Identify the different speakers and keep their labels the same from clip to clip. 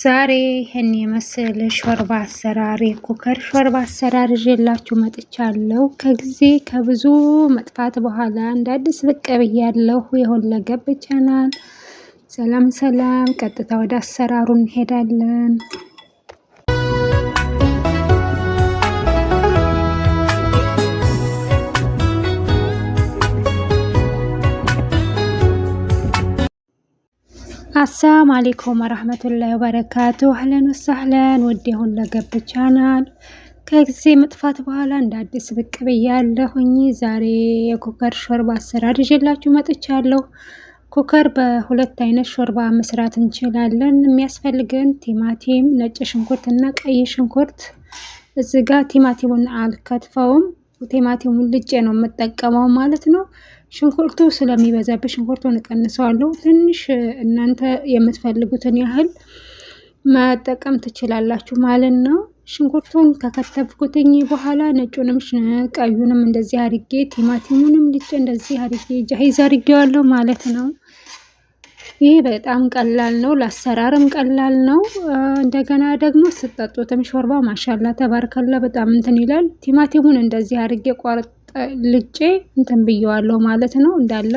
Speaker 1: ዛሬ ይህን የመሰለ ሾርባ አሰራር የኩከር ሾርባ አሰራር ይዤላችሁ መጥቻለሁ። ከጊዜ ከብዙ መጥፋት በኋላ እንደ አዲስ ብቅ ብያለሁ። የሁለገብ ቻናል ሰላም ሰላም። ቀጥታ ወደ አሰራሩ እንሄዳለን። አሰላም አሌይኩም ወረህመቱላሂ ወበረካቱ። አህለን ወሳህለን ወደ ሁለገብ ቻናል ከጊዜ መጥፋት በኋላ እንደ አዲስ ብቅ ብያለሁኝ። ዛሬ የኩከር ሾርባ አሰራር ይዤላችሁ መጥቻለሁ። ኩከር በሁለት አይነት ሾርባ መስራት እንችላለን። የሚያስፈልገን ቲማቲም፣ ነጭ ሽንኩርት እና ቀይ ሽንኩርት። እዚህ ጋ ቲማቲሙን አልከትፈውም። ቲማቲሙን ልጬ ነው የምጠቀመው ማለት ነው። ሽንኩርቱ ስለሚበዛብሽ ሽንኩርቱን እቀንሰዋለሁ። ትንሽ እናንተ የምትፈልጉትን ያህል መጠቀም ትችላላችሁ ማለት ነው። ሽንኩርቱን ከከተፍኩትኝ በኋላ ነጩንም ቀዩንም እንደዚህ አድርጌ ቲማቲሙንም ልጭ እንደዚህ አድርጌ ጃሂዝ አድርጌዋለሁ ማለት ነው። ይህ በጣም ቀላል ነው፣ ለአሰራርም ቀላል ነው። እንደገና ደግሞ ስጠጡትም ሾርባ ማሻላ ተባርከላ በጣም እንትን ይላል። ቲማቲሙን እንደዚህ አድርጌ ቋርጥ ልጬ እንትን ብየዋለሁ ማለት ነው። እንዳለ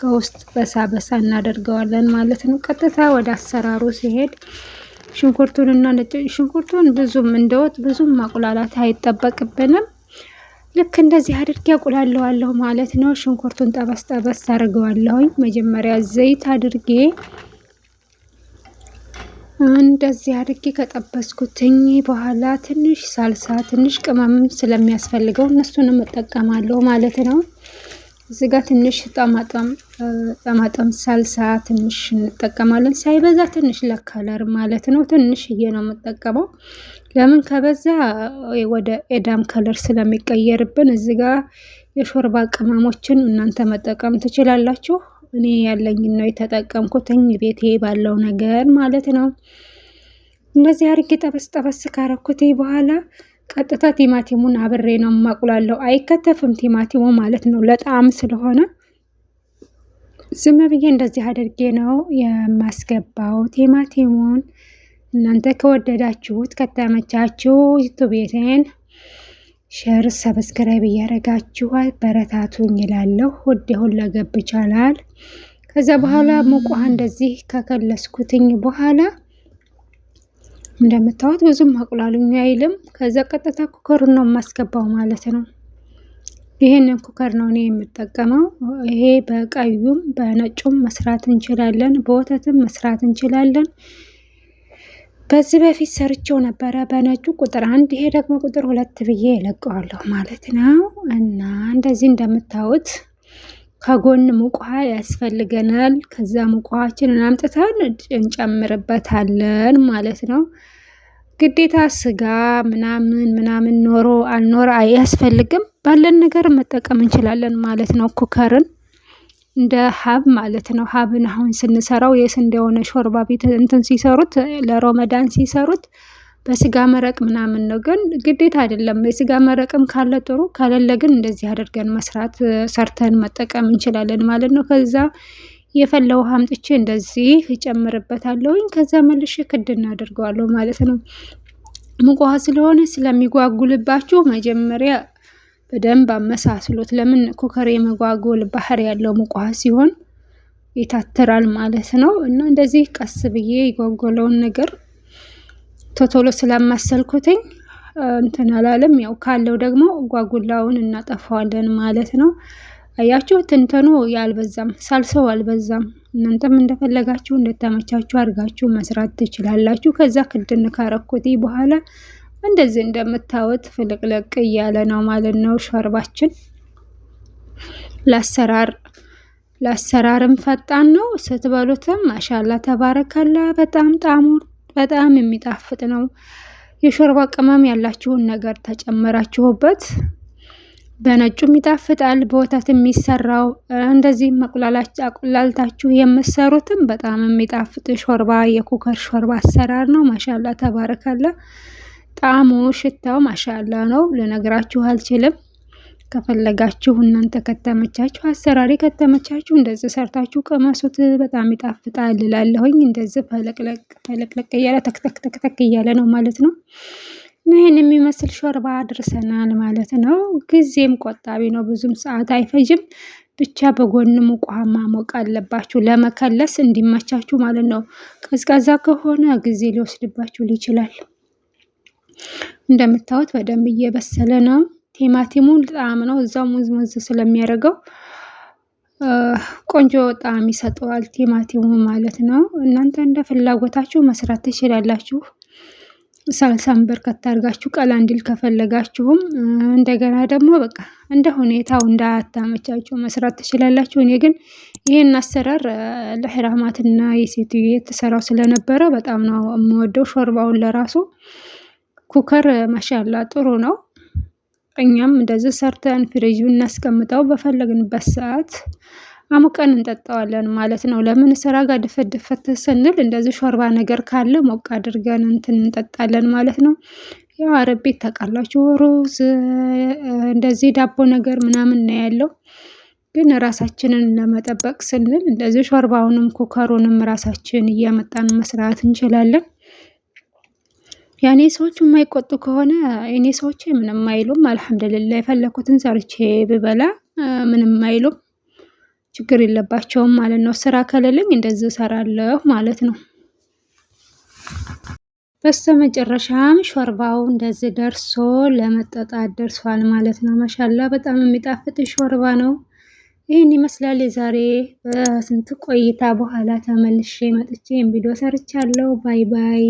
Speaker 1: ከውስጥ በሳ በሳ እናደርገዋለን ማለት ነው። ቀጥታ ወደ አሰራሩ ሲሄድ ሽንኩርቱን እና ነጭ ሽንኩርቱን ብዙም እንደወጥ ብዙም ማቁላላት አይጠበቅብንም። ልክ እንደዚህ አድርጌ አቁላለዋለሁ ማለት ነው። ሽንኩርቱን ጠበስ ጠበስ አድርገዋለሁኝ። መጀመሪያ ዘይት አድርጌ እንደዚህ አድርጌ ከጠበስኩትኝ በኋላ ትንሽ ሳልሳ ትንሽ ቅመም ስለሚያስፈልገው እነሱንም እጠቀማለሁ ማለት ነው። እዚህ ጋር ትንሽ ጠማጠም ሳልሳ ትንሽ እንጠቀማለን። ሳይበዛ ትንሽ ለከለር ማለት ነው። ትንሽዬ ነው የምጠቀመው። ለምን ከበዛ ወደ ኤዳም ከለር ስለሚቀየርብን። እዚህ ጋር የሾርባ ቅመሞችን እናንተ መጠቀም ትችላላችሁ። እኔ ያለኝን ነው የተጠቀምኩትኝ ቤቴ ባለው ነገር ማለት ነው። እንደዚህ አርጌ ጠበስ ጠበስ ካረኩት በኋላ ቀጥታ ቲማቲሙን አብሬ ነው ማቁላለው። አይከተፍም ቲማቲሙ ማለት ነው ለጣዕም ስለሆነ ዝም ብዬ እንደዚህ አድርጌ ነው የማስገባው ቲማቲሙን። እናንተ ከወደዳችሁት ከተመቻችሁ ዩቱቤቴን ሸር ሰብስክራይብ እያደረጋችሁ በረታቱኝ ይላለሁ። ውድ የሁላ ገብ ይቻላል። ከዛ በኋላ ሙቋ እንደዚህ ከከለስኩትኝ በኋላ እንደምታዩት ብዙም አቁላሉኝ አይልም። ከዛ ቀጥታ ኩከሩን ነው የማስገባው ማለት ነው። ይህንን ኩከር ነው እኔ የምጠቀመው። ይሄ በቀዩም በነጩም መስራት እንችላለን፣ በወተትም መስራት እንችላለን። በዚህ በፊት ሰርቸው ነበረ በነጩ ቁጥር አንድ፣ ይሄ ደግሞ ቁጥር ሁለት ብዬ እለቀዋለሁ ማለት ነው። እና እንደዚህ እንደምታዩት ከጎን ሙቋ ያስፈልገናል። ከዛ ሙቋችንን አምጥተን እንጨምርበታለን ማለት ነው። ግዴታ ስጋ ምናምን ምናምን ኖሮ አልኖረ አያስፈልግም። ባለን ነገር መጠቀም እንችላለን ማለት ነው ኩከርን እንደ ሀብ ማለት ነው። ሀብን አሁን ስንሰራው የስንዴ የሆነ ሾርባ ቤት እንትን ሲሰሩት ለሮመዳን ሲሰሩት በስጋ መረቅ ምናምን ነው። ግን ግዴታ አይደለም። የስጋ መረቅም ካለ ጥሩ፣ ከሌለ ግን እንደዚህ አድርገን መስራት ሰርተን መጠቀም እንችላለን ማለት ነው። ከዛ የፈላ ውሃ አምጥቼ እንደዚህ እጨምርበታለሁኝ። ከዛ መልሼ ክድ እናደርገዋለሁ ማለት ነው። ሙቅ ውሃ ስለሆነ ስለሚጓጉልባችሁ መጀመሪያ በደንብ አመሳስሎት ለምን ኩከር የመጓጎል ባህር ያለው ሙቋ ሲሆን ይታትራል ማለት ነው። እና እንደዚህ ቀስ ብዬ የጓጎለውን ነገር ቶቶሎ ስላማሰልኩትኝ እንትን አላለም። ያው ካለው ደግሞ ጓጉላውን እናጠፋዋለን ማለት ነው። አያችሁ ትንተኑ ያልበዛም ሳልሰው አልበዛም። እናንተም እንደፈለጋችሁ እንደተመቻችሁ አድርጋችሁ መስራት ትችላላችሁ። ከዛ ክድን ካረኩት በኋላ እንደዚህ እንደምታዩት ፍልቅልቅ እያለ ነው ማለት ነው ሾርባችን። ለአሰራር ለአሰራርም ፈጣን ነው። ስትበሉትም ማሻላ ተባረከላ። በጣም ጣሙ በጣም የሚጣፍጥ ነው። የሾርባ ቅመም ያላችሁን ነገር ተጨመራችሁበት። በነጩም ይጣፍጣል። በወተት የሚሰራው እንደዚህ መቁላላች አቁላልታችሁ የምሰሩትም በጣም የሚጣፍጥ ሾርባ የኩከር ሾርባ አሰራር ነው። ማሻላ ተባረከላ። ጣዕሙ ሽታው ማሻላ ነው ልነግራችሁ አልችልም። ከፈለጋችሁ እናንተ ከተመቻችሁ አሰራሪ ከተመቻችሁ እንደዚህ ሰርታችሁ ቅመሱት። በጣም ይጣፍጣል እላለሁኝ። እንደዚህ ፈለቅለቅ ፈለቅለቅ እያለ ተክተክተክተክ እያለ ነው ማለት ነው። ይህን የሚመስል ሾርባ አድርሰናል ማለት ነው። ጊዜም ቆጣቢ ነው፣ ብዙም ሰዓት አይፈጅም። ብቻ በጎን ሙቅ ውሃ ማሞቅ አለባችሁ ለመከለስ እንዲመቻችሁ ማለት ነው። ቀዝቃዛ ከሆነ ጊዜ ሊወስድባችሁ ይችላል። እንደምታዩት በደንብ እየበሰለ ነው። ቲማቲሙ ጣዕም ነው እዛው ሙዝ ሙዝ ስለሚያደርገው ቆንጆ ጣዕም ይሰጠዋል ቲማቲሙ ማለት ነው። እናንተ እንደ ፍላጎታችሁ መስራት ትችላላችሁ። ሳልሳን በርከት አድርጋችሁ ቀላ እንዲል ከፈለጋችሁም እንደገና ደግሞ በቃ እንደ ሁኔታው እንዳታመቻችሁ መስራት ትችላላችሁ። እኔ ግን ይህን አሰራር ለህራማትና የሴትዮ የተሰራው ስለነበረ በጣም ነው የምወደው። ሾርባውን ለራሱ ኩከር ማሻላ ጥሩ ነው። እኛም እንደዚህ ሰርተን ፍሪጅ ብናስቀምጠው በፈለግንበት ሰዓት አሙቀን እንጠጣዋለን ማለት ነው። ለምን ስራ ጋር ድፈት ድፈት ስንል እንደዚህ ሾርባ ነገር ካለ ሞቅ አድርገን እንትን እንጠጣለን ማለት ነው። ያው አረብ ቤት ታውቃላችሁ ሩዝ እንደዚህ ዳቦ ነገር ምናምን ነው ያለው። ግን ራሳችንን ለመጠበቅ ስንል እንደዚህ ሾርባውንም ኩከሩንም ራሳችን እያመጣን መስራት እንችላለን። ያኔ ሰዎች የማይቆጡ ከሆነ እኔ ሰዎች ምንም አይሉም። አልሐምድልላ የፈለኩትን ሰርቼ ብበላ ምንም አይሉም፣ ችግር የለባቸውም ማለት ነው። ስራ ከሌለኝ እንደዚህ እሰራለሁ ማለት ነው። በስተ መጨረሻም ሾርባው እንደዚህ ደርሶ ለመጠጣት ደርሷል ማለት ነው። ማሻላ በጣም የሚጣፍጥ ሾርባ ነው። ይህን ይመስላል። የዛሬ በስንት ቆይታ በኋላ ተመልሼ መጥቼ ቪዲዮ ሰርቻለሁ። ባይ ባይ።